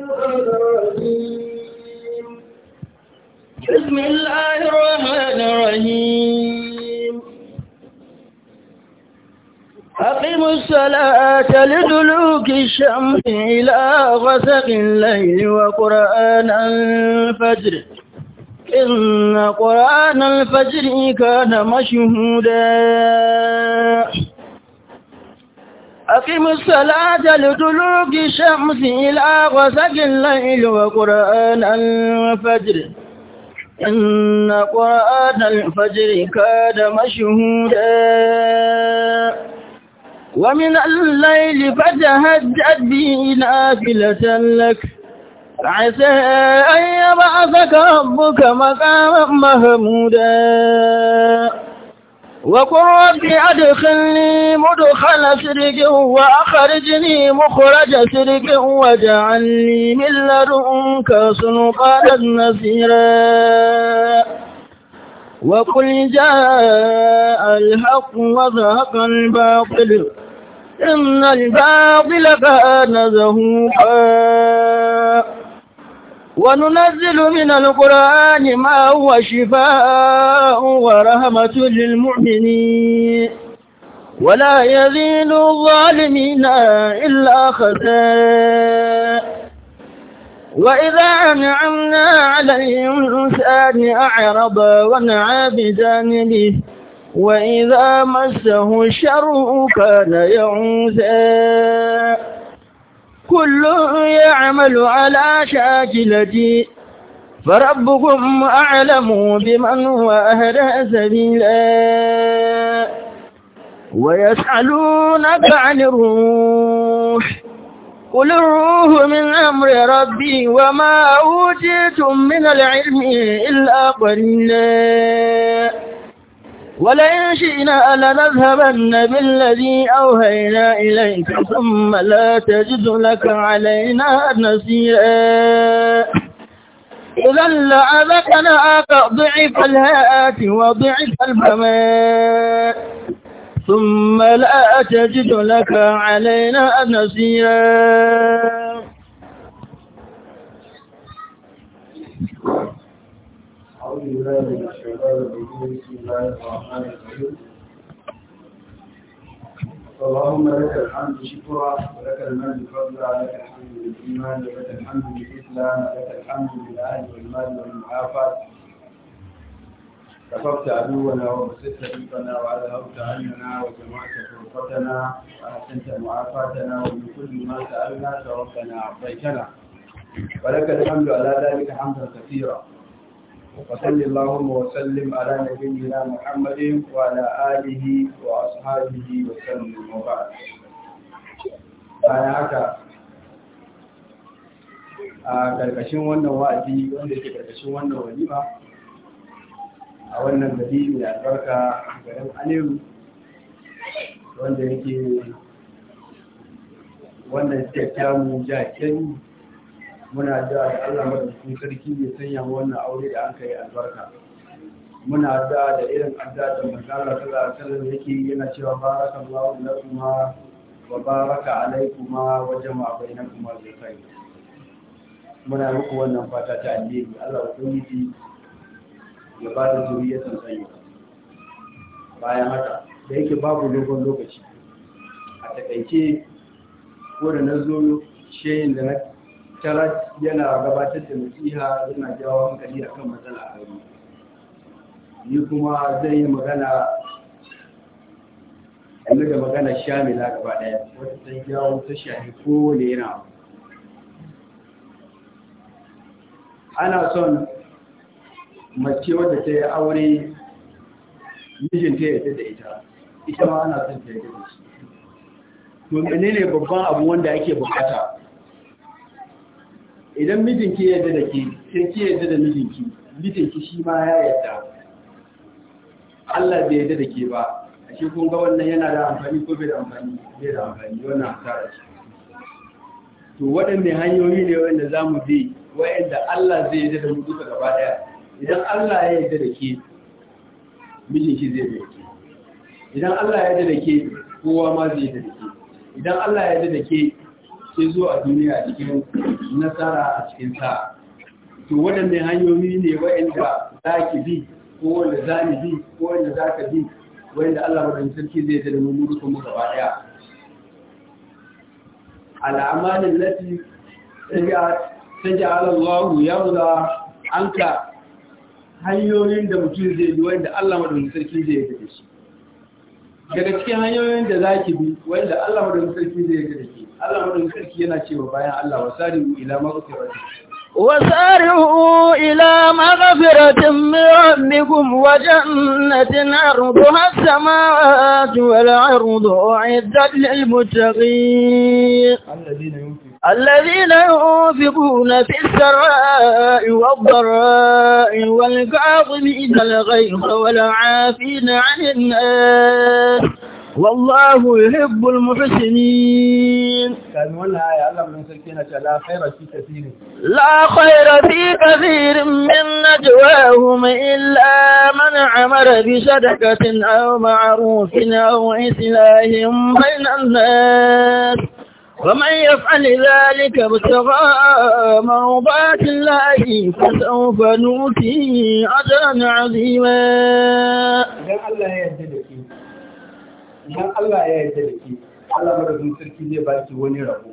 الرجيم بسم الله الرحمن الرحيم أقموا الصلاة لدلوك الشمس إلى غسق الليل وقرآن الفجر إن قرآن الفجر كان مشهوداً أقم الصلاة لدلوك الشمس إلى غسق الليل وقرآن الفجر إن قرآن الفجر كان مشهودا ومن الليل فتهجد به نافلة لك عسى أن يبعثك ربك مقاما محمودا وقل رب أدخلني مدخل سرق وأخرجني مخرج سرق وجعلني من لدنك سلطانا نصيرا وقل جاء الحق وزهق الباطل إن الباطل كان زهوقا وننزل من القرآن ما هو شفاء ورحمة للمؤمنين ولا يزيد الظالمين إلا خساء وإذا أنعمنا عليهم الإنسان أعرض ونعى بجانبه وإذا مسه الشر كان يعوزا كل يعمل على شاكلتي فربكم أعلم بمن هو أهدى سبيلا ويسألونك عن الروح قل الروح من أمر ربي وما أوتيتم من العلم إلا قليلا ولئن شئنا لنذهبن بالذي أوهينا إليك ثم لا تجد لك علينا نسيرا إذا لعذقناك ضعف الهاءات وضعف البماء ثم لا تجد لك علينا نسيرا أعوذ بالله من الشيطان الرجيم بسم الله الرحمن الرحيم اللهم لك الحمد شكرا ولك المجد فضلا لك الحمد بالإيمان ولك الحمد بالإسلام لك الحمد بالأهل والمال والمعافاة كفرت عدونا وبسطت رزقنا وأذهبت عنا وجمعت فرقتنا وأحسنت معافاتنا ومن كل ما سألناك ربنا أعطيتنا ولك الحمد على ذلك حمدا كثيرا وصل اللهم وسلم على نبينا محمد وعلى آله وأصحابه وسلم وبعد bayan haka a wannan wa'adi wanda ke karkashin wannan walima a wannan gari mai albarka garin aliyu wanda yake wannan tattamu jakin muna da Allah madaukakin sarki ya sanya wannan aure da aka yi albarka muna da da irin adda da manzala sallallahu alaihi wasallam yake yana cewa barakallahu lakuma wa baraka alaikuma wa jama'a kuma zai kai?" muna muku wannan fata ta alheri Allah ubangiji ya ba da zuriyar sanyi bayan haka da yake babu dogon lokaci a takaice ko da na zo shayin da na tarat yana gabatar da nasiha yana jawo hankali akan matsala a gari ni kuma zai yi magana yanzu da magana shamila gaba daya wata ta jawo ta shahi kowane yana ana son mace wadda ta yi aure mijinta ya yadda da ita ita ma ana son ta yadda da shi to menene babban abu wanda ake bukata idan mijinki ya yarda da ke sai ki yarda da mijinki mijinki shi ma ya yarda Allah bai yarda da ke ba a shi kun ga wannan yana da amfani ko bai da amfani bai da amfani wannan hasara shi. to waɗanne hanyoyi ne wanda za mu bi wa'anda Allah zai yarda da mu duka gaba ɗaya idan Allah ya yarda da ke mijinki zai yarda da ke idan Allah ya yarda da ke kowa ma zai yarda da ke idan Allah ya yarda da ke sai zo a duniya cikin nasara a cikin sa to waɗanne hanyoyi ne waɗanda za ki bi ko wanda za ni bi ko wanda za ka bi wanda Allah madaukakin sarki zai yarda da mu duka mu gaba daya al'amal lati taj'al Allah yawla anka hanyoyin da mutum zai bi wanda Allah madaukakin sarki zai da shi daga cikin hanyoyin da za ki bi wanda Allah madaukakin sarki zai da Allah وسارعوا إلى مغفرة من ربكم وجنة عرضها السماوات والعرض أعدت للمتقين الذين ينفقون في السراء والضراء والكاظمين الغيظ والعافين عن الناس والله يحب المحسنين آية لا خير في كثير من نجواهم إلا من عمر بشدكة أو معروف أو إسلاه بين الناس ومن يفعل ذلك ابتغاء مرضات الله فسوف نؤتيه أجرا عظيما idan Allah ya yarda da ke Allah madadin sarki zai baki wani rabo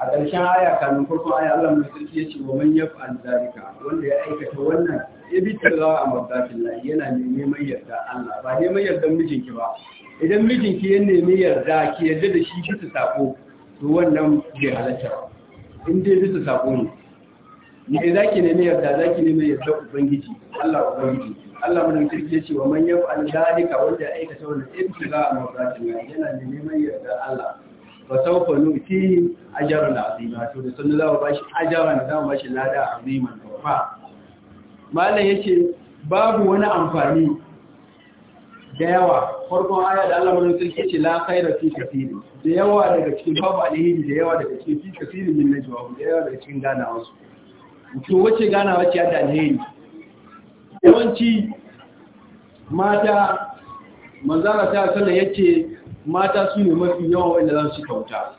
a ƙarshen aya kanun farko aya Allah mai sarki ya ce wa man yaf'al zalika wanda ya aikata wannan ya bi tarzawa a mabdatin yana neman yarda Allah ba neman yardan mijinki ba idan mijinki ya nemi yarda ki yarda da shi bisa sako to wannan bai halatta in dai bisa sako ne ne zaki nemi yarda zaki nemi yarda ubangiji Allah ubangiji Allah mun kirki yace wa man yaf'al dalika wanda aikata wannan ibtiga a mawqatin yana da neman yarda Allah wa sawfa nutihi ajran azima to da sunna za mu bashi ajran za mu bashi lada to fa mallan yace babu wani amfani da yawa farkon aya da Allah mun kirki yace la khaira fi kathir da yawa daga cikin babu alheri da yawa daga cikin fi kathir min najwa da yawa daga cikin ganawa su to wace ganawa ce da alheri yawanci mata manzara ta ya ce mata su ne mafi yawan wanda za su kauta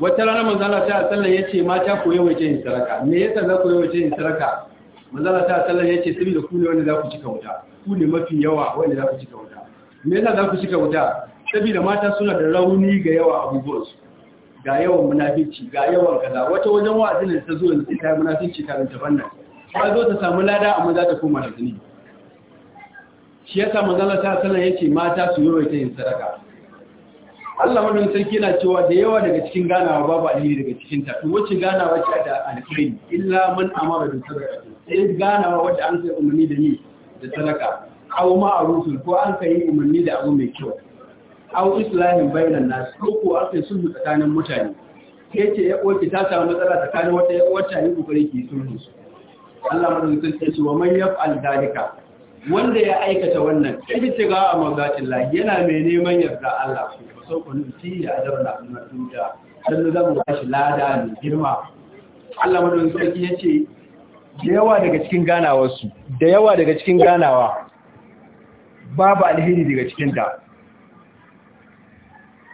wata rana manzara ta ya ce mata ku yawaita yin saraka me yasa za ku yawaita yin saraka manzara ta sallan yace saboda ku ne wanda za ku ci kauta ku ne mafi yawa wanda za ku ci kauta me yasa za ku ci kauta da mata suna da rauni ga yawa su ga yawan munafici ga yawan kaza wata wajen wa'azin da ta zo yanzu ta munafici ta ta bannan. ta zo ta samu lada amma za ta koma da zunubi shi ya samu manzala ta sanar ya ce mata su yi ta yin sadaka Allah madon sarki na cewa da yawa daga cikin ganawa babu alheri daga cikin ta wacce ganawa ce da alheri illa man amara da sadaka sai ganawa wadda an sai umarni da ni da sadaka a rusun, ko an kai umarni da abu mai kyau aw islamin bayanan na ko ko an kai sulhu tsakanin mutane ke ce ya koki ta samu matsala tsakanin wata ya a yi kokari ki sulhu su Allah mun san ce wa man al dalika wanda ya aikata wannan ibtiga a mawdatin lahi yana mai neman yarda Allah su so ni ti ya adarna na dunya dan da mu shi lada ne girma Allah mun san ce yace da yawa daga cikin su da yawa daga cikin ganawa babu alheri daga cikin ta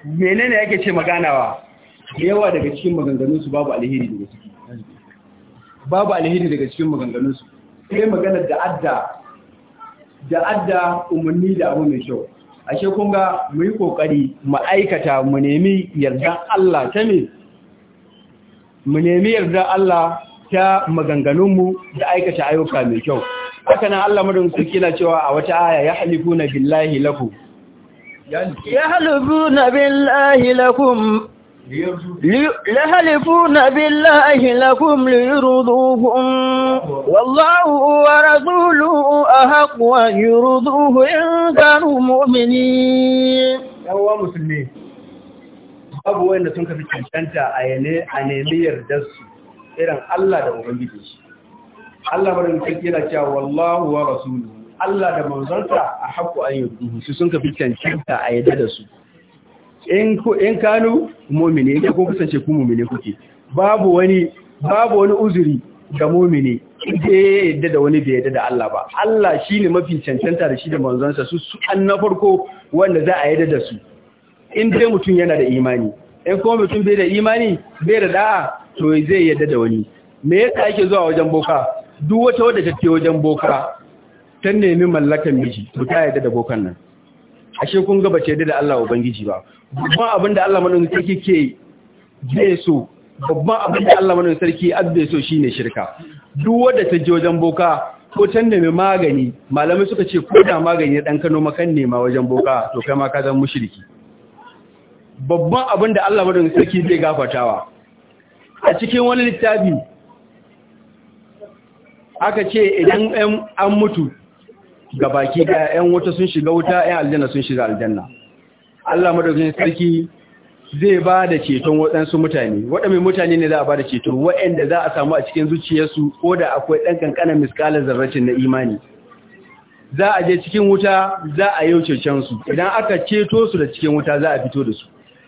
menene yake ce maganawa da yawa daga cikin maganganunsu babu alheri daga cikin babu alheri daga cikin maganganunsu sai maganar da adda da adda umarni da abu mai kyau ashe kun ga mu yi kokari mu aikata mu nemi yardan Allah ta ne mu nemi yardan Allah ta maganganunmu da aikata ayyuka mai kyau haka nan Allah madan su na cewa a wata aya ya halifuna billahi lakum ya halifuna billahi lakum ليحلفون بالله لكم ليرضوهم والله ورسوله أحق ويرضوه إن كانوا مؤمنين يا مسلمين babu wanda sun kafi cancanta a yane a nemi su, irin Allah da Ubangiji shi. Allah cewa wallahu wa rasuluhu Allah da manzonsa a haƙƙo an su sun a yarda da su. in kano, in kanu ku kasance ku mu'mini kuke babu wani babu wani uzuri ga mu'mini da ya yadda da wani bai yadda da Allah ba Allah shine mafi cancanta da shi da manzonsa su su na farko wanda za a yadda da su in dai mutum yana da imani in kuma mutum bai da imani bai da da'a to zai yadda da wani me yasa ake zuwa wajen boka duk wata wadda ce wajen boka ta nemi mallakan miji to ta yadda da bokan nan ashe kun ga bace da Allah ubangiji ba babban abin da Allah madaukakin sarki ke bai so babban abin da Allah madaukakin sarki abbe so shine shirka duk wanda ta je wajen boka ko can da mai magani malamai suka ce ko da magani dan Kano makan nema wajen boka to kai ma ka zan mushriki babban abin da Allah madaukakin sarki zai gafatawa a cikin wani littafi aka ce idan an mutu ga baki ɗaya ‘yan wuta sun shiga wuta ‘yan aljanna sun shiga aljanna Allah madaukakin sarki zai ba da ceton waɗansu mutane waɗannan mutane ne za a ba da ceto waɗanda za a samu a cikin zuciyarsu ko da akwai ɗan ƙanƙanin miskalar zarracin na imani za a je cikin wuta za a yau su idan aka ceto su da cikin wuta za a fito da su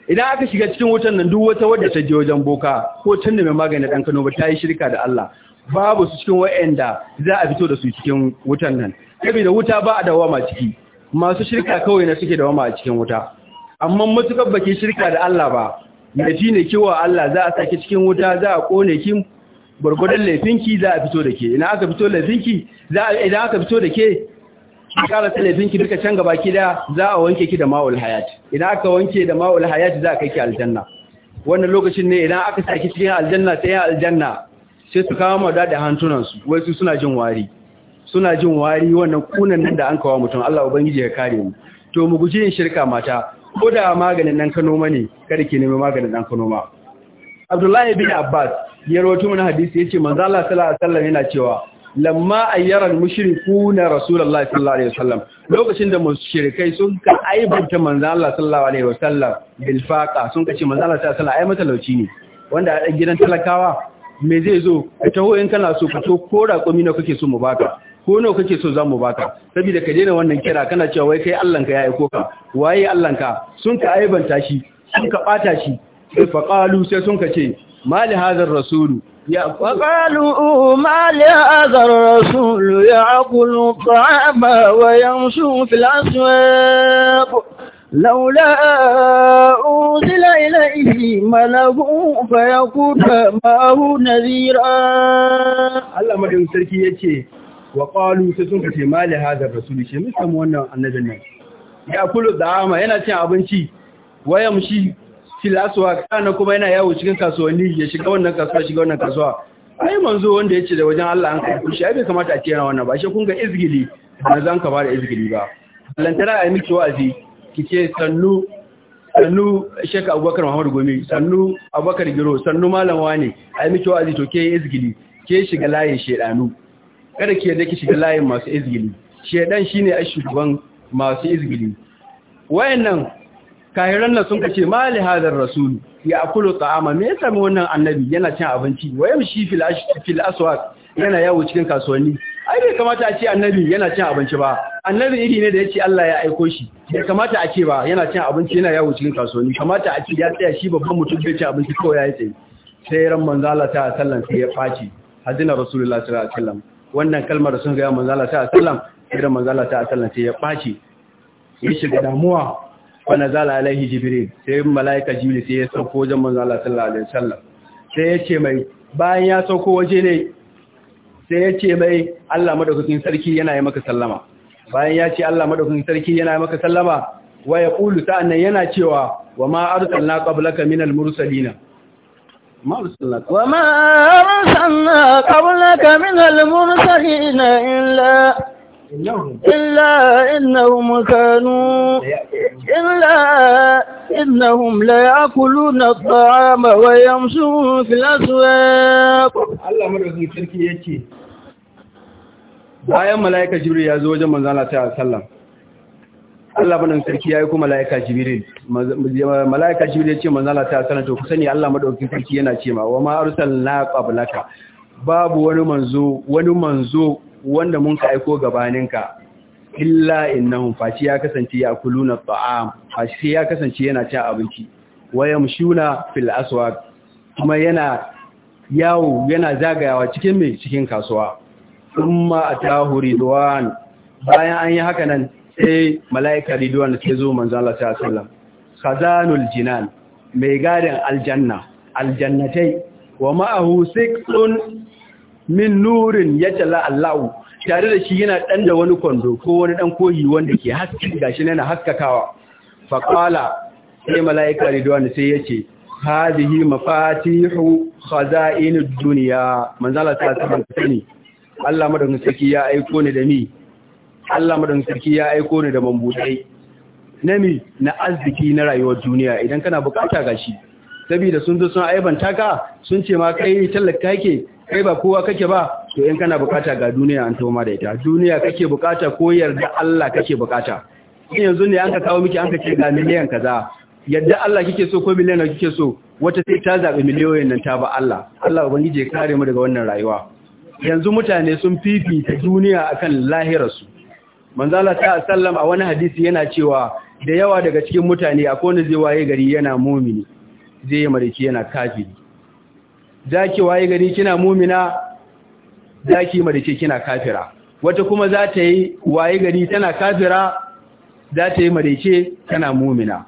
idan aka shiga cikin wutan nan duk wata wadda ta je wajen boka ko tun da mai magani ɗan kano ba ta yi shirka da Allah babu su cikin waɗanda za a fito da su cikin wutan nan saboda wuta ba a dawama ciki masu shirka kawai na suke dawama a cikin wuta amma matukar baki shirka da Allah ba fi ne kiwa Allah za a saki cikin wuta za a kone ki gurgurdan laifinki za a fito da ke idan aka fito laifinki za a idan aka fito da ke kara laifinki duka can gaba ki da za a wanke ki da ma'ul hayat idan aka wanke da ma'ul hayat za a kai ki aljanna wannan lokacin ne idan aka saki cikin aljanna sai aljanna sai su kama daɗi da su wai su suna jin wari suna jin wari wannan kunan nan da an kawo mutum Allah ubangiji ya kare mu to mu guji yin shirka mata ko da maganin nan kano ma ne kada ke nemi maganin nan kano ma Abdullahi bin Abbas ya rawaito mana hadisi yace manzo Allah sallallahu alaihi wasallam yana cewa lamma ayyaran mushrikuna rasulullahi sallallahu alaihi wasallam lokacin da mushrikai sun ka aibanta manzo Allah sallallahu alaihi wasallam bil faqa sun ce manzo Allah sallallahu alaihi wasallam ai matalauci ne wanda a gidan talakawa me zai zo ka hoyin in kana so ka to ko raƙumi na kake so mu baka ko nawa kake so zamu baka saboda ka daina wannan kira kana cewa wai kai Allah ka ya aiko ka waye Allah ka sun ka aibanta shi sun ka bata shi fa qalu sai sun ka ce mali hadar rasulu ya qalu mali hadar rasulu ya'kulu ta'ama wa yamshu fil aswaq لولا أنزل إليه ملك ما هو نذيرا الله مدين سركي yace wa qalu sai sun kace mali hada rasul shi mun samu wannan annabin nan ya kulu da'ama yana cin abinci shi tilaswa kana kuma yana yawo cikin kasuwanni ya shiga wannan kasuwa shiga wannan kasuwa ai manzo wanda yace da wajen Allah an kai shi ai bai kamata a ce yana wannan ba shi kun ga izgili na zan ka bada izgili ba lantana ai miki wa'azi kike sannu sannu Sheikh Abubakar Muhammad Gome sannu Abubakar Giro sannu malam Wani ai miki wa'azi to ke izgili ke shiga layin shedanu kada ki da ki shiga layin masu izgili shedan shine a shugaban masu izgili wayannan kahiran nan sun kace mali hadar rasul ya akulu ta'ama me yasa mu wannan annabi yana cin abinci wayam shi fil fil aswaq yana yawo cikin kasuwanni ai bai kamata a ce annabi yana cin abinci ba annabi iri ne da yace Allah ya aiko shi bai kamata a ce ba yana cin abinci yana yawo cikin kasuwanni kamata a ce ya tsaya shi babban mutum bai ci abinci kawai ya tsaye sai ran manzo Allah ta sallan sai ya faci hadina rasulullahi sallallahu alaihi wasallam wannan kalmar da sun gaya manzala ta asallam idan manzala ta asallam sai ya ɓaci ya shiga damuwa wa nazala alaihi jibril sai mala'ika jibril sai ya sauko wajen manzala sallallahu alaihi wasallam sai ya ce mai bayan ya sauko waje ne sai ya ce mai Allah madaukakin sarki yana yi maka sallama bayan ya ce Allah madaukakin sarki yana yi maka sallama wa ya qulu sa'annan yana cewa wa ma arsalna qablaka minal mursalina ما وما أرسلنا قبلك من المرسلين إلا إلا إنهم كانوا إلا إنهم لا يأكلون الطعام ويمشون في الأسواق الله مرحبا تركي يكي بايا ملايكة جبريل يزوج من wajen manzala Allah madan sarki yayi kuma malaika Jibril malaika Jibril ya ce manzo Allah ta sanar to ku sani Allah madaukin sarki yana cewa ma wa ma arsalna qablaka babu wani manzo wani manzo wanda mun ka aiko gabaninka illa innahum faci ya kasance ya kuluna ta'am faci ya kasance yana cin abinci wayamshuna fil aswaq kuma yana yawo yana zagayawa cikin mai cikin kasuwa kuma atahuri duwan bayan an yi haka nan sai mala'ika ridwan sai zo manzo Allah sallallahu alaihi jinan mai gadin aljanna aljannatai wa ma'ahu siqun min nurin yatala Allahu tare da shi yana dan da wani kwando ko wani dan kohi wanda ke haske gashi yana haskakawa fa qala sai malaika ridwan sai yace hadhihi mafatihu khazainud dunya manzala ta saban sani Allah madaukakin sarki ya aiko ni da ni Allah madan sarki ya aiko ni da mambudai nami na arziki na rayuwar duniya idan kana bukata gashi saboda sun zo sun aibanta ka sun ce ma kai talaka kake kai ba kowa kake ba to in kana bukata ga duniya an toma da ita duniya kake bukata ko yarda Allah kake bukata in yanzu ne an ka kawo miki an ka ce ga miliyan kaza yadda Allah kike so ko miliyan kike so wata sai ta zabi miliyoyin nan ta ba Allah Allah ubangije ya kare mu daga wannan rayuwa yanzu mutane sun fifita duniya akan lahirarsu manzala ta sallam a wani hadisi yana cewa da yawa daga cikin mutane a kone zai waye gari yana mumini zai yi mariki yana kafiri za ki waye gari kina mumina za ki mariki kina kafira wata kuma za ta yi waye gari tana kafira za ta yi mariki tana mumina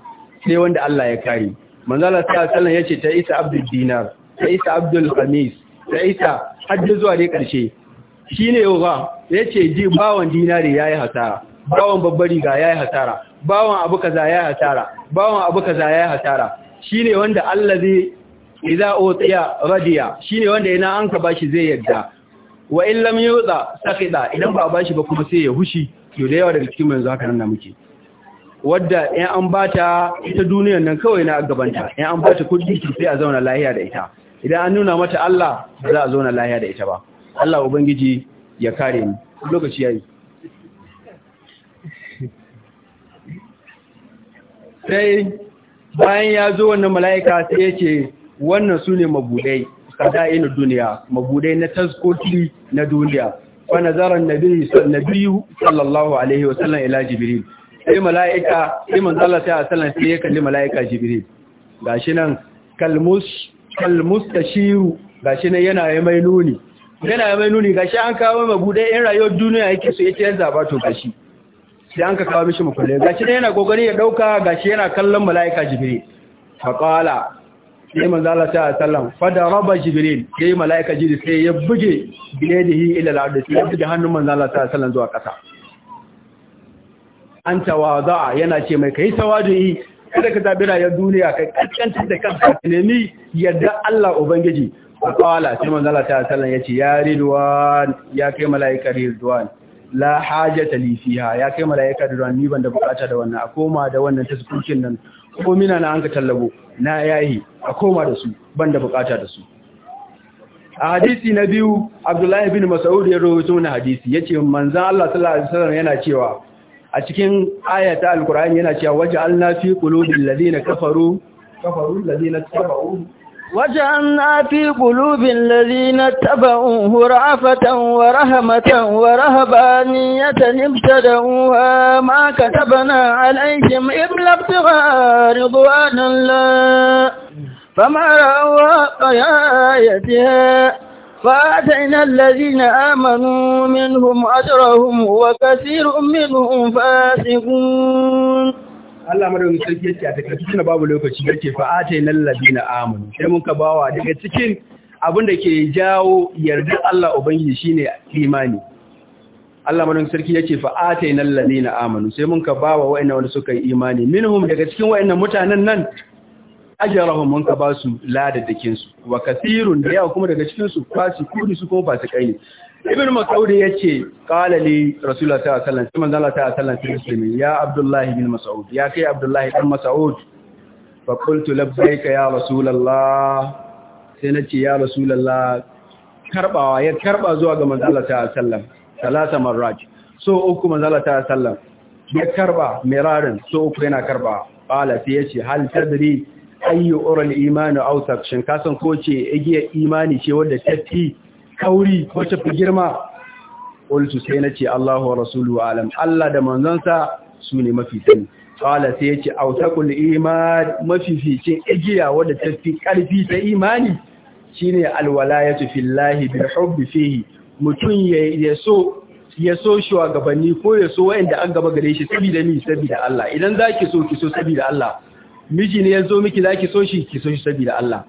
sai wanda Allah ya kare manzala ta sallam yace ta isa abdul dinar ta isa abdul khamis ta isa har zuwa dai karshe shi ne ba ya ce ji bawon dinari ya yi hasara bawon babbar riga ya yi hasara bawon abu za ya yi hasara bawon abu za ya yi hasara shi ne wanda Allah zai iza otiya radiya shi ne wanda yana an ka bashi zai yadda wa in lam yuza saqida idan ba bashi ba kuma sai ya hushi yau da yawa daga cikin mu yanzu haka nan muke wadda in an ba ta ita duniyar nan kawai na gabanta in an ba bata kudi sai a zauna lahiya da ita idan an nuna mata Allah ba za a zauna lahiya da ita ba Allah ubangiji ya kare ni lokaci yayi sai bayan ya zo wannan mala'ika sai ya ce wannan su ne mabudai sada'in duniya mabudai na taskoti na duniya wa na nabiyu sallallahu alaihi wasallam ila jibril sai mala'ika sai manzala sai a sallan sai ya kalli mala'ika jibril gashi nan kalmus kalmus ga gashi nan yana yi mai nuni yana mai nuni gashi an kawo mai bude in rayuwar duniya yake so yake yan zaba to gashi sai an ka kawo mishi mukulle gashi dai yana kokari ya dauka gashi yana kallon malaika jibril fa qala sai manzo Allah ta sallam fa da raba jibril sai malaika jibril sai ya buge biladihi ila al-ard sai ya buge hannun manzo Allah ta sallam zuwa kasa an tawada yana ce mai kai tawadi kada ka zabi rayuwar duniya kai kaskantar da kanka nemi yadda Allah ubangiji faƙala sai manzala ta sallan ya ce ya ridwan ya kai mala'ika ridwan la hajata li fiha ya kai mala'ika ridwan ni ban da bukata da wannan a koma da wannan tasukin nan ko mina na an ka tallabo na yayi a koma da su ban da bukata da su a hadisi na biyu abdullahi bin mas'ud ya rawaito wannan hadisi yace manzo Allah sallallahu alaihi wasallam yana cewa a cikin ayata alqur'ani yana cewa waja'alna fi qulubil ladina kafaru kafaru ladina tabu وجعلنا في قلوب الذين اتبعوه رعفة ورهمة ورهبانية ابتدعوها ما كتبنا عليهم إلا ابتغاء رضوان الله فما رأوها قيايتها فآتينا الذين آمنوا منهم أجرهم وكثير منهم فاسقون Allah madawin sarki yake a takaice tuna babu lokaci yake fa atainal ladina amanu sai mun ka bawa daga cikin abin da ke jawo yardar Allah ubangiji shine imani Allah madawin sarki yake fa atainal ladina amanu sai mun ka bawa wayannan wanda suka yi imani minhum daga cikin wayannan mutanen nan ajrahum mun ka basu ladadakin su wa kathirun da yawa kuma daga cikin su fasikuni su kuma fasikai ne ibn mas'ud yace qala li rasulullah sallallahu alaihi wasallam manzo Allah sallallahu alaihi ya abdullah ibn mas'ud ya kai abdullah dan mas'ud fa qultu labbaika ya rasulullah sai nace ya rasulullah karbawa ya karba zuwa ga manzo Allah sallallahu alaihi salasa marrat so uku manzo Allah sallallahu alaihi ya karba mirarin so uku yana karba qala sai yace hal tadri ayyu ural imanu awsaq shin kasan ko ce igiyar imani ce wanda tafi kauri wacce fi girma qultu sai nace Allahu wa wa alam Allah da manzansa su ne mafi sani qala sai yace autaqul iman mafi ficin igiya wadda ta fi karfi ta imani shine ya ce fi lahi bin mutun ya mutum ya so shugabanni ko ya so da an gaba gare shi sabida ni sabida Allah idan za ki so ki so sabida Allah miji ne zo miki za ki so shi ki so shi sabida Allah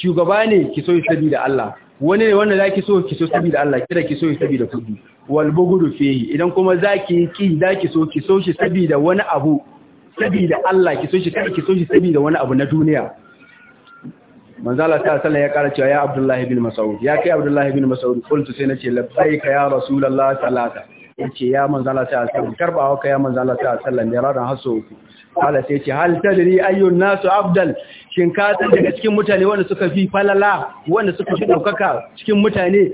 shugaba ne ki so shi sabida Allah wani ne wanda zaki so ki so saboda Allah kira ki so shi saboda kudi wal bughdu fihi idan kuma zaki ki zaki so ki so shi saboda wani abu saboda Allah ki so shi kai ki so shi saboda wani abu na duniya manzala ta sallah ya kara cewa ya Abdullah bin Mas'ud ya kai Abdullah bin Mas'ud kullu sai nace labbaika ya Rasulullah salata yace ya manzala ta sallah karbawa ka ya manzala ta sallah ne radan haso ku kala sai ce hal tadri ayyun nasu afdal shin ka san daga cikin mutane wanda suka fi falala wanda suka fi daukaka cikin mutane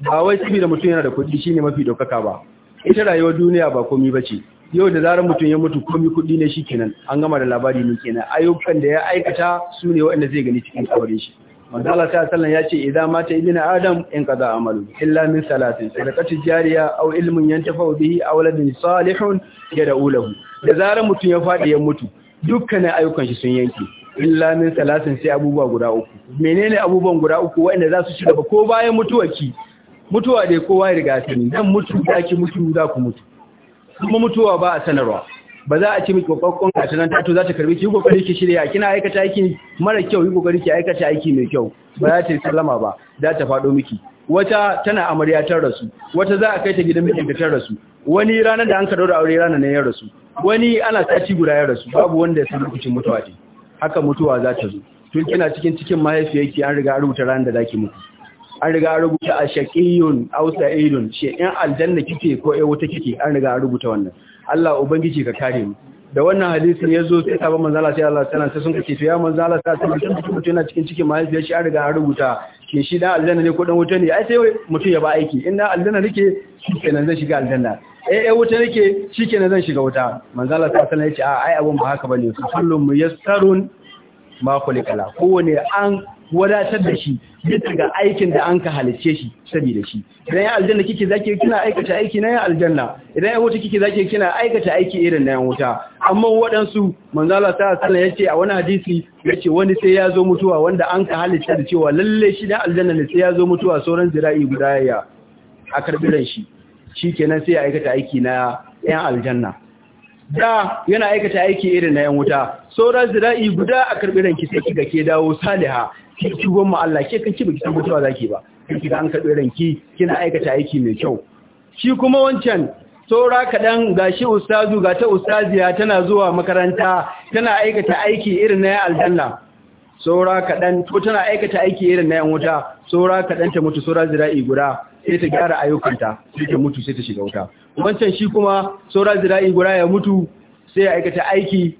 ba wai da mutum yana da kuɗi shine mafi daukaka ba ita rayuwar duniya ba komi ba ce. yau da zarar mutum ya mutu komai kuɗi ne kenan, an gama da labari ne kenan ayyukan da ya aikata su ne waɗanda zai gani cikin kabarin shi manzo Allah ta sallan ya ce idan mata ibnu adam in kaza amalu illa min salatin sadaqati jariya aw ilmun yantafau bihi aw ladin salihun yad'u lahu da zarar mutum ya faɗi ya mutu dukkanin ayyukan shi sun yanke illa min salasin sai abubuwa guda uku menene abubuwan guda uku waɗanda za su ci gaba ko bayan ki? mutuwa dai kowa ya riga sani dan mutu da ki mutu za ku mutu kuma mutuwa ba a sanarwa ba za a ci miki kokon ka tunan tato za ta karbi ki kokari ki shirya kina aikata aiki mara kyau yi kokari ki aikata aiki mai kyau ba za ta sallama ba za ta fado miki wata tana amarya ta rasu wata za a kai ta gidan mijinta ta rasu wani ranar da an ka daura aure ranar ne ya rasu wani ana sati guda ya rasu babu wanda ya san lokacin mutuwa ce haka mutuwa za ta zo tun kina cikin cikin mahaifiyarki an riga rubuta ran da zaki mutu an riga rubuta a shaqiyun aw sa'idun she in aljanna kike ko ai wata kike an riga rubuta wannan Allah ubangiji ka kare mu da wannan hadisin yazo sai sabon manzo Allah sai alaihi wasallam sai sun kace to ya manzo sun sai mutum mutum yana cikin cikin mahaifiyar shi an riga an rubuta ke shi da aljanna ne ko dan wuta ne ai sai mutum ya ba aiki in dan aljanna nake shi kenan zai shiga aljanna Eh, eh wuta nake shikenan zan shiga wuta Manzala ta sallallahu ce a ai abun ba haka bane kullum muyassarun ma kulikala kowane an wadatar da shi bisa ga aikin da an ka halice shi saboda shi idan ya aljanna kike zaki kina aikata aiki na ya aljanna idan ya wuta kike zaki kina aikata aiki irin na ya wuta amma waɗansu Manzala ta sallallahu yace a wani hadisi yace wani sai ya zo mutuwa wanda an ka halice da cewa lalle shi da aljanna ne sai ya zo mutuwa sauran jira'i guda ya a ran shi shi kenan sai ya aikata aiki na 'yan aljanna da yana aikata aiki irin na 'yan wuta sauran zira'i guda a karɓi ranki sai ki ga ke dawo saliha ki tubon ma'alla ke kan ki baki san mutuwa zaki ba ki ga an karɓi ranki kina aikata aiki mai kyau shi kuma wancan saura kaɗan ga shi ustazu ga ta ustaziya tana zuwa makaranta tana aikata aiki irin na aljanna saura kaɗan ko tana aikata aiki irin na yan wuta saura kaɗan ta mutu saura zira'i guda sai ta gyara ayyukanta sai ta mutu sai ta shiga wuta wancan shi kuma saura zira'i guda ya mutu sai ya aikata aiki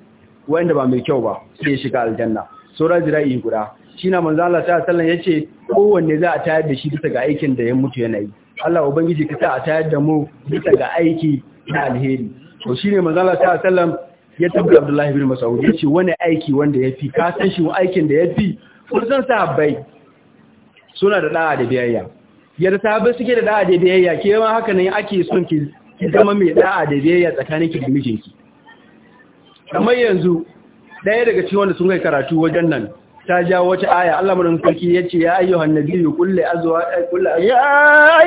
wanda ba mai kyau ba sai ya shiga aljanna saura zira'i guda shi na manzo Allah ta sallan ce kowanne za a tayar da shi bisa ga aikin da ya mutu yana yi Allah ubangiji ka sa a tayar da mu bisa ga aiki na alheri to ne manzo Allah a sallan ya tabbata Abdullahi bin Mas'ud ce wani aiki wanda fi? ka san shi aikin da ya fi kun san bai suna da da biyayya yadda sahabbai suke da da'a da biyayya ke ma haka ne ake son ki zama mai da'a da biyayya tsakanin ki da mijinki kamar yanzu ɗaya daga cikin wanda sun kai karatu wajen nan ta ja wata aya Allah mun sarki yace ya ayyuhan nabiyyu kulli azwa kulli eh, ya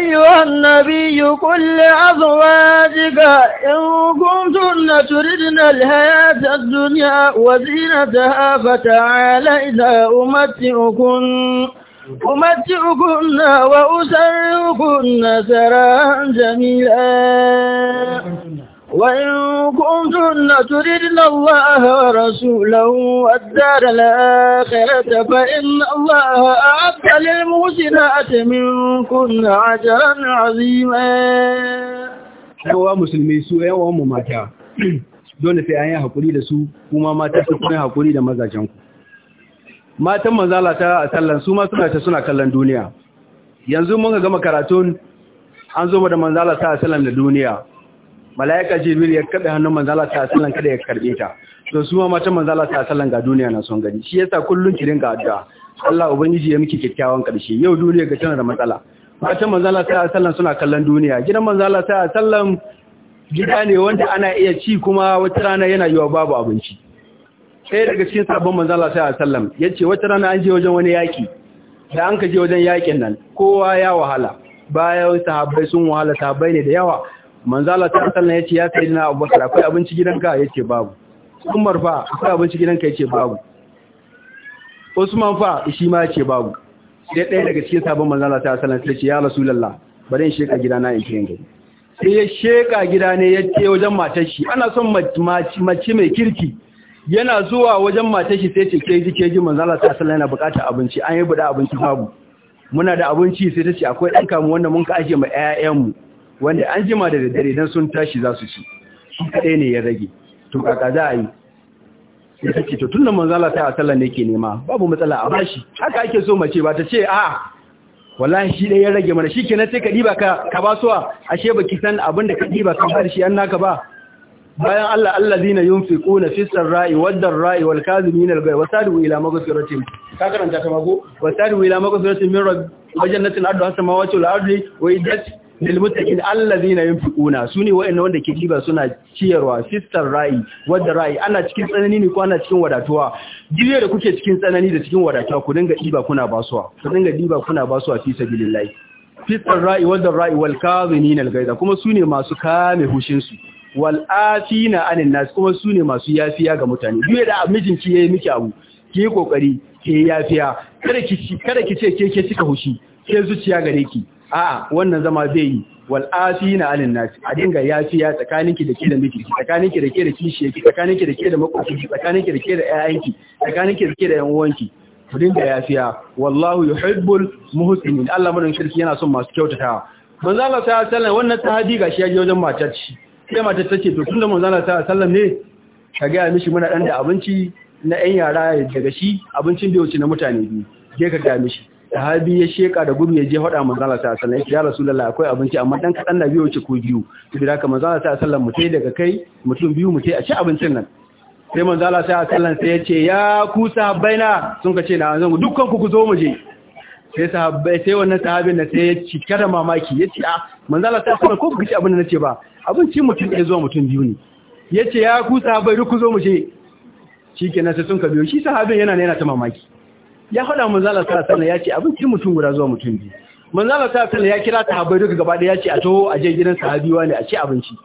ayyuhan nabiyyu kulli azwajika in kuntunna turidna alhayata ad-dunya wa zinataha fata'ala ila ummatikum أمتعكن وأسرقن سرا جميلا وإن كنتن تردن الله ورسوله والدار الآخرة فإن الله أعد للمسنات منكن عجرا عظيما Yawon musulmi su yawon mu mata dole sai an yi haƙuri da su kuma mata su kuma haƙuri da mazajenku. matan manzala ta sallan su ma suna ta suna kallon duniya yanzu mun ga gama karatun an zo da manzala ta sallan da duniya malaika jibril ya kada hannun manzala ta sallan kada ya karbe ta to su ma matan manzala ta sallan ga duniya na son gani shi yasa kullun ki dinga addu'a Allah ubangiji ya miki kikkiawan karshe yau duniya ga tana da matsala matan manzala ta sallan suna kallon duniya gidan manzala ta sallan gida ne wanda ana iya ci kuma wata rana yana yiwa babu abinci sai daga cikin sabon Manzala Allah a sallam ya ce wata rana an je wajen wani yaƙi da an ka je wajen yaƙin nan kowa ya wahala bayan sahabbai sun wahala sahabbai ne da yawa Manzala Allah a sallam ya ce ya na Abubakar akwai abinci gidanka ce babu Umar fa akwai abinci gidanka ce babu Usman fa shi ma ce babu sai ɗaya daga cikin sabon Manzala Allah a sallam sai ce ya rasulullah bari in sheka gidana in kiyan gari sai ya sheka gida ne ya ce wajen matar shi ana son mace mai kirki yana zuwa wajen mace shi sai ce ke ji ke ji manzo Allah sallallahu alaihi yana bukata abinci an yi buɗa abinci babu muna da abinci sai ta ce akwai ɗan kamu wanda mun ka ajiye ma ƴaƴanmu wanda an jima da daddare dan sun tashi za su ci shi kaɗai ne ya rage to kaka za a yi sai ta ce to tunda manzo Allah sallallahu alaihi ne ke nema babu matsala a bashi haka ake so mace ba ta ce a'a wallahi shi dai ya rage mana shikenan sai ka diba ka ka basuwa ashe baki san abin da ka diba ka bar shi an naka ba bayan Allah Allah zina yin allazina yunfiquna fis ra’i wad ra’i wal kazimin al ghayb wasadu ila maghfiratin ka karanta ta mago wasadu ila maghfiratin min wajen rabb wa jannatin arduha samawati wal ardi Allah zina yin muttaqin allazina su sune wa’in wanda ke kiba suna ciyarwa fis ra'i, wadda ra'i, ana cikin tsanani ne ko ana cikin wadatuwa jiye da kuke cikin tsanani da cikin wadatuwa ku dinga diba kuna basuwa ku dinga diba kuna basuwa fi sabilillah fis ra’i wadda ra’i wal kazimin al ghayb kuma ne masu kame hushinsu wal na anin nas kuma su ne masu yafiya ga mutane duk da mijinki yi miki abu ki kokari ki yafiya kada ki ce ke ke cika hushi ke zuciya gare ki a'a wannan zama zai yi wal na anin nas a dinga yafiya tsakaninki da ke da miki tsakaninki da ke da kishiyarki tsakaninki da ke da makocinki tsakaninki da ke da ƴaƴanki tsakaninki da ke da 'yan uwanki ku dinga yafiya wallahu yuhibbul muhsinin Allah madan shirki yana son masu kyautatawa manzo Allah ta sallan wannan tahadi gashi ya je wajen matar shi sai mata take to tunda manzo Allah ta wasallam ne ka ga mishi muna dan da abinci na ɗan yara daga shi abincin da wuce na mutane biyu je ka ga mishi sahabi ya sheka da gudu ya je hada manzo Allah alaihi wasallam ya rasulullahi akwai abinci amma dan kadan da biyu wuce ko biyu to da ka manzo Allah ta wasallam mutai daga kai mutum biyu mutai a ci abincin nan sai manzo Allah alaihi wasallam sai ya ce ya kusa baina, sun ka ce na zan dukkan ku ku zo mu je sai sahabbai sai wannan sahabin da sai ya cika da mamaki ya ce a manzala ta fara ko ci abin da nace ba abinci mutum ɗaya zuwa mutum biyu ne ya ce ya ku sahabbai duk ku zo mu ce shi ke sai sun ka biyo shi sahabin yana yana ta mamaki ya faɗa manzala ta sana ya ce abinci mutum guda zuwa mutum biyu manzala ta sana ya kira sahabbai duka gaba ɗaya ya ce a taho a je gidan sahabi wani a ci abinci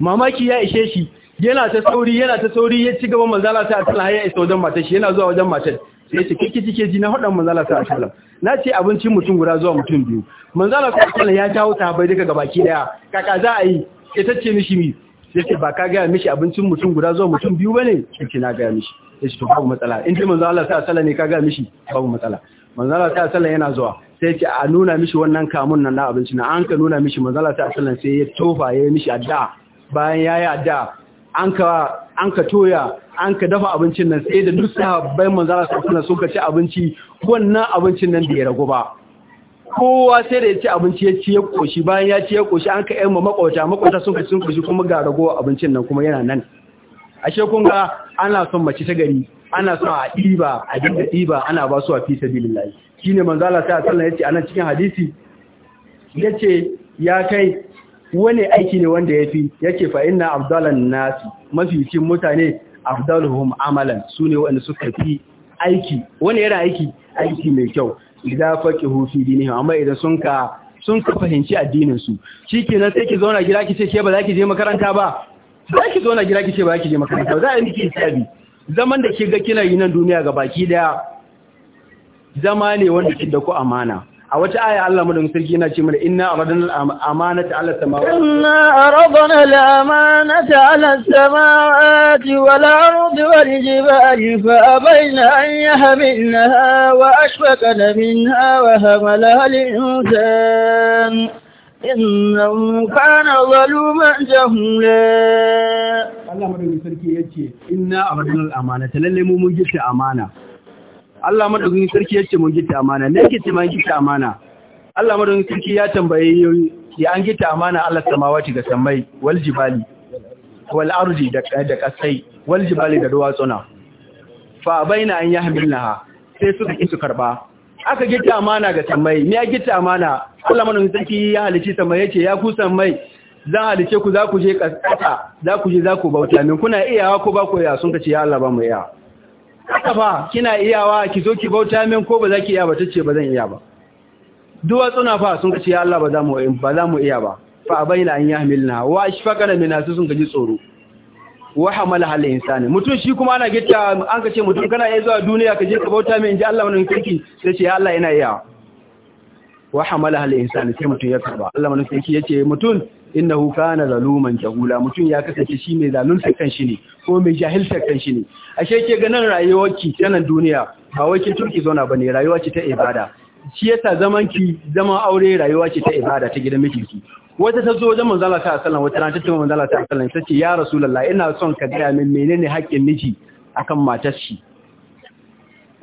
mamaki ya ishe shi yana ta sauri yana ta sauri ya ci gaba manzala ta sana ya isa wajen matar shi yana zuwa wajen matar sai ce kike kike ji na hudan manzala ta sallam na ce abincin mutum guda zuwa mutum biyu manzala ta sallam ya jawo ta bai daga gabaki daya kaka za a yi ita ce mishi mi sai ce ba ka ga mishi abincin mutum guda zuwa mutum biyu bane kike na ga mishi sai ce to babu matsala in dai manzala ta sallam ne ka ga mishi babu matsala manzala ta sallam yana zuwa sai ce a nuna mishi wannan kamun nan na abinci na an ka nuna mishi manzala ta sallam sai ya tofa ya yi mishi addu'a bayan ya yi addu'a an ka toya an ka dafa abincin nan sai da duk sahabbai manzara suna suka ci abinci wannan abincin nan da ya ragu ba kowa sai da ya ci abinci ya ci ya koshi bayan ya ci ya koshi an ka yi ma makwauta makwauta sun sun koshi kuma ga rago abincin nan kuma yana nan ashe kun ga ana son mace ta gari ana son a ɗiba a dinga ɗiba ana ba su a fi sabilillahi shine manzala sai a sallan yace anan cikin hadisi yace ya kai wani aiki ne wanda yafi yake fa inna afdalan mafi cikin mutane afdaluhum amalan sune wanda suka fi aiki wani yana aiki aiki mai kyau idan faƙi, fi dinihim amma idan sun ka sun ka fahimci addinin su kenan sai ki zauna gida ki ce ke ba za ki je makaranta ba za ki zauna gida ki ce ba za ki je makaranta ba za a yi miki hisabi zaman da ke ga kina yi nan duniya ga baki daya zama ne wanda ki da ku amana a wata aya Allah mu madaukakin sarki na ce mana inna aradna al-amanata ala samawati inna aradna al-amanata ala samawati wal ardi wal jibali fa abayna an yahmilnaha wa ashfaqna minha wa hamalaha al-insan innahu kana zaluman jahula Allah mu madaukakin sarki yace inna aradna al-amanata lalle mu mun gishi amana Allah madaukakin sarki ya ce mun gita amana ne yake ce mun gita amana Allah madaukakin sarki ya tambaye ya an gita amana Allah samawati ga samai wal jibali wal arji da da kasai wal jibali da duwatsuna fa baina an yahmilnaha sai suka ki su karba aka gita amana ga samai me ya gita amana Allah madaukakin sarki ya halice samai yace ya ku samai zan halice ku za ku je kasa za ku je za ku bauta min kuna iyawa ko ba ku iya sun ce ya Allah ba mu iya haka fa kina iyawa ki zo ki bauta min ko ba za ki iya ba tace ba zan iya ba tsuna fa sun ce ya Allah ba za mu ba za mu iya ba fa abaina an yahmilna wa ashfaqana minna sun ji tsoro wa hamala hal insani mutum shi kuma ana gitta an ka ce mutum kana iya zuwa duniya ka je ka bauta min inji Allah wannan kirki sai ce ya Allah ina iya wa hamala hal insani sai mutum ya karba Allah manin sai yake mutum innahu kana zaluman jahula mutum ya kasance shi mai zalunta kan shi ne ko mai jahilta kan shi ne ashe ke ganin rayuwar ta nan duniya ba wai ki turki zauna bane rayuwa ce ta ibada shi yasa zaman ki zaman aure rayuwa ce ta ibada ta gidan mijinki wata ta zo wajen manzala ta sallan wata ta tuma manzala ta sallan ce ya rasulullah ina son ka ga min menene haƙƙin miji akan matar shi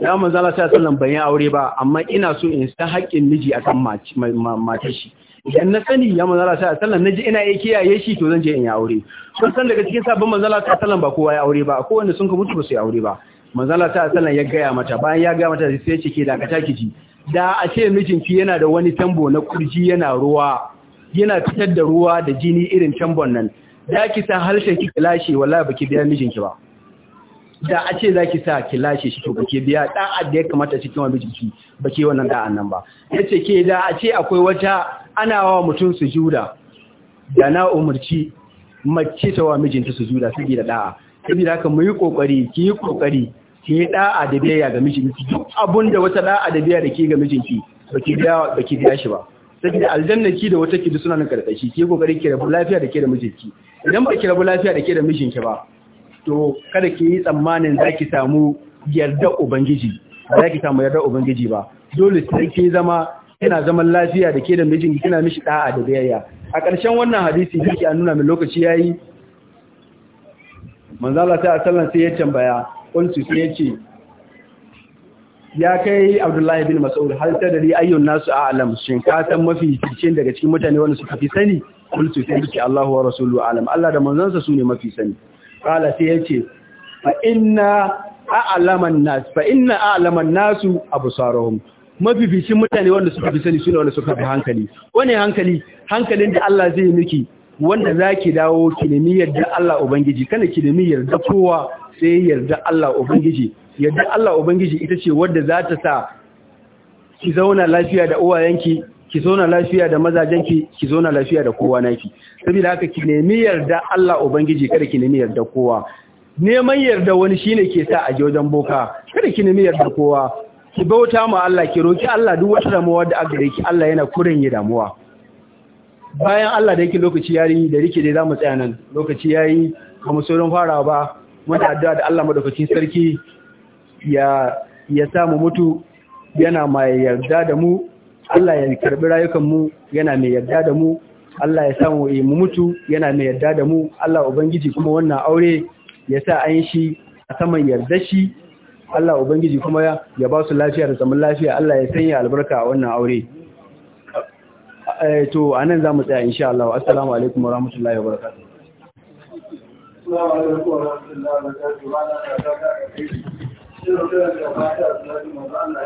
ya manzo Allah sai sallan ban yi aure ba amma ina so in san haƙƙin miji akan matar shi idan na sani ya manzo Allah sai sallan naji ina yake kiyaye shi to zan je in yi aure kun san daga cikin sabon manzo Allah sai sallan ba kowa ya aure ba ko wanda sun ka mutu ba su yi aure ba manzo Allah sallan ya gaya mata bayan ya gaya mata sai ya ce ke da ka taki ji da a ce mijinki yana da wani tambo na kurji yana ruwa yana fitar da ruwa da jini irin tambon nan da ki sa harshen ki kilashi wallahi baki biya mijinki ba da a ce zaki sa ki lashe shi to ke biya da'a da ya kamata cikin wani jiki bake wannan da'an nan ba yace ke da a ce akwai wata ana wa mutum sujuda da na umurci mace ta wa mijinta sujuda saboda da'a saboda haka mu yi kokari ki yi kokari ki yi da'a da biya ga mijinki duk abun da wata da'a da biya da ke ga mijinki baki biya baki biya shi ba saboda aljanna ki da wata ki duk suna nan karkashi ki yi kokari ki rabu lafiya da ke da mijinki idan ba ki rabu lafiya da ke da mijinki ba to kada ki yi tsammanin za ki samu yarda ubangiji ba za ki samu yarda ubangiji ba dole sai ki zama kina zaman lafiya da ke da mijinki kina mishi da'a da biyayya a ƙarshen wannan hadisi da ki nuna min lokaci yayi manzo Allah ta sallan sai ya tambaya kuntu sai ya ce ya kai Abdullahi bin Mas'ud har ta dari ayyun nasu a'lam shin ka san mafi cikin daga cikin mutane wanda suka fi sani kuntu sai ya ce Allahu wa rasuluhu a'lam Allah da manzansa su ne mafi sani kala sai yace fa inna a'laman nas fa inna a'laman nasu absarahum mafificin mutane wanda suka fi sani sune wanda suka fi hankali wani hankali hankalin da Allah zai miki wanda zaki dawo kilimiyar da Allah ubangiji kana kilimiyar da kowa sai yarda Allah ubangiji yarda Allah ubangiji ita ce wadda za ta sa ki zauna lafiya da uwayenki ki zo na lafiya da mazajenki ki zo na lafiya da kowa naki saboda haka ki nemi yarda Allah ubangiji kada ki nemi yarda kowa neman yarda wani shine ke sa a wajen boka kada ki nemi yarda kowa ki bauta ma Allah ki roki Allah duk wata ramuwa da aka ki Allah yana kurin yi damuwa bayan Allah da yake lokaci yayi da rike dai zamu tsaya nan lokaci yayi kuma sauran fara ba muna addu'a da Allah madaukakin sarki ya ya samu mutu yana mai yarda da mu Allah ya karbi rayukan mu yana mai yarda da mu Allah ya samu mu mutu yana mai yarda da mu Allah ubangiji kuma wannan aure ya sa an shi a saman yarda shi Allah ubangiji kuma ya ba su lafiya da zaman lafiya Allah ya sanya albarka a wannan aure eh, to anan zamu tsaya insha Allah assalamu alaikum warahmatullahi wabarakatuh ta alaikum warahmatullahi wabarakatuh.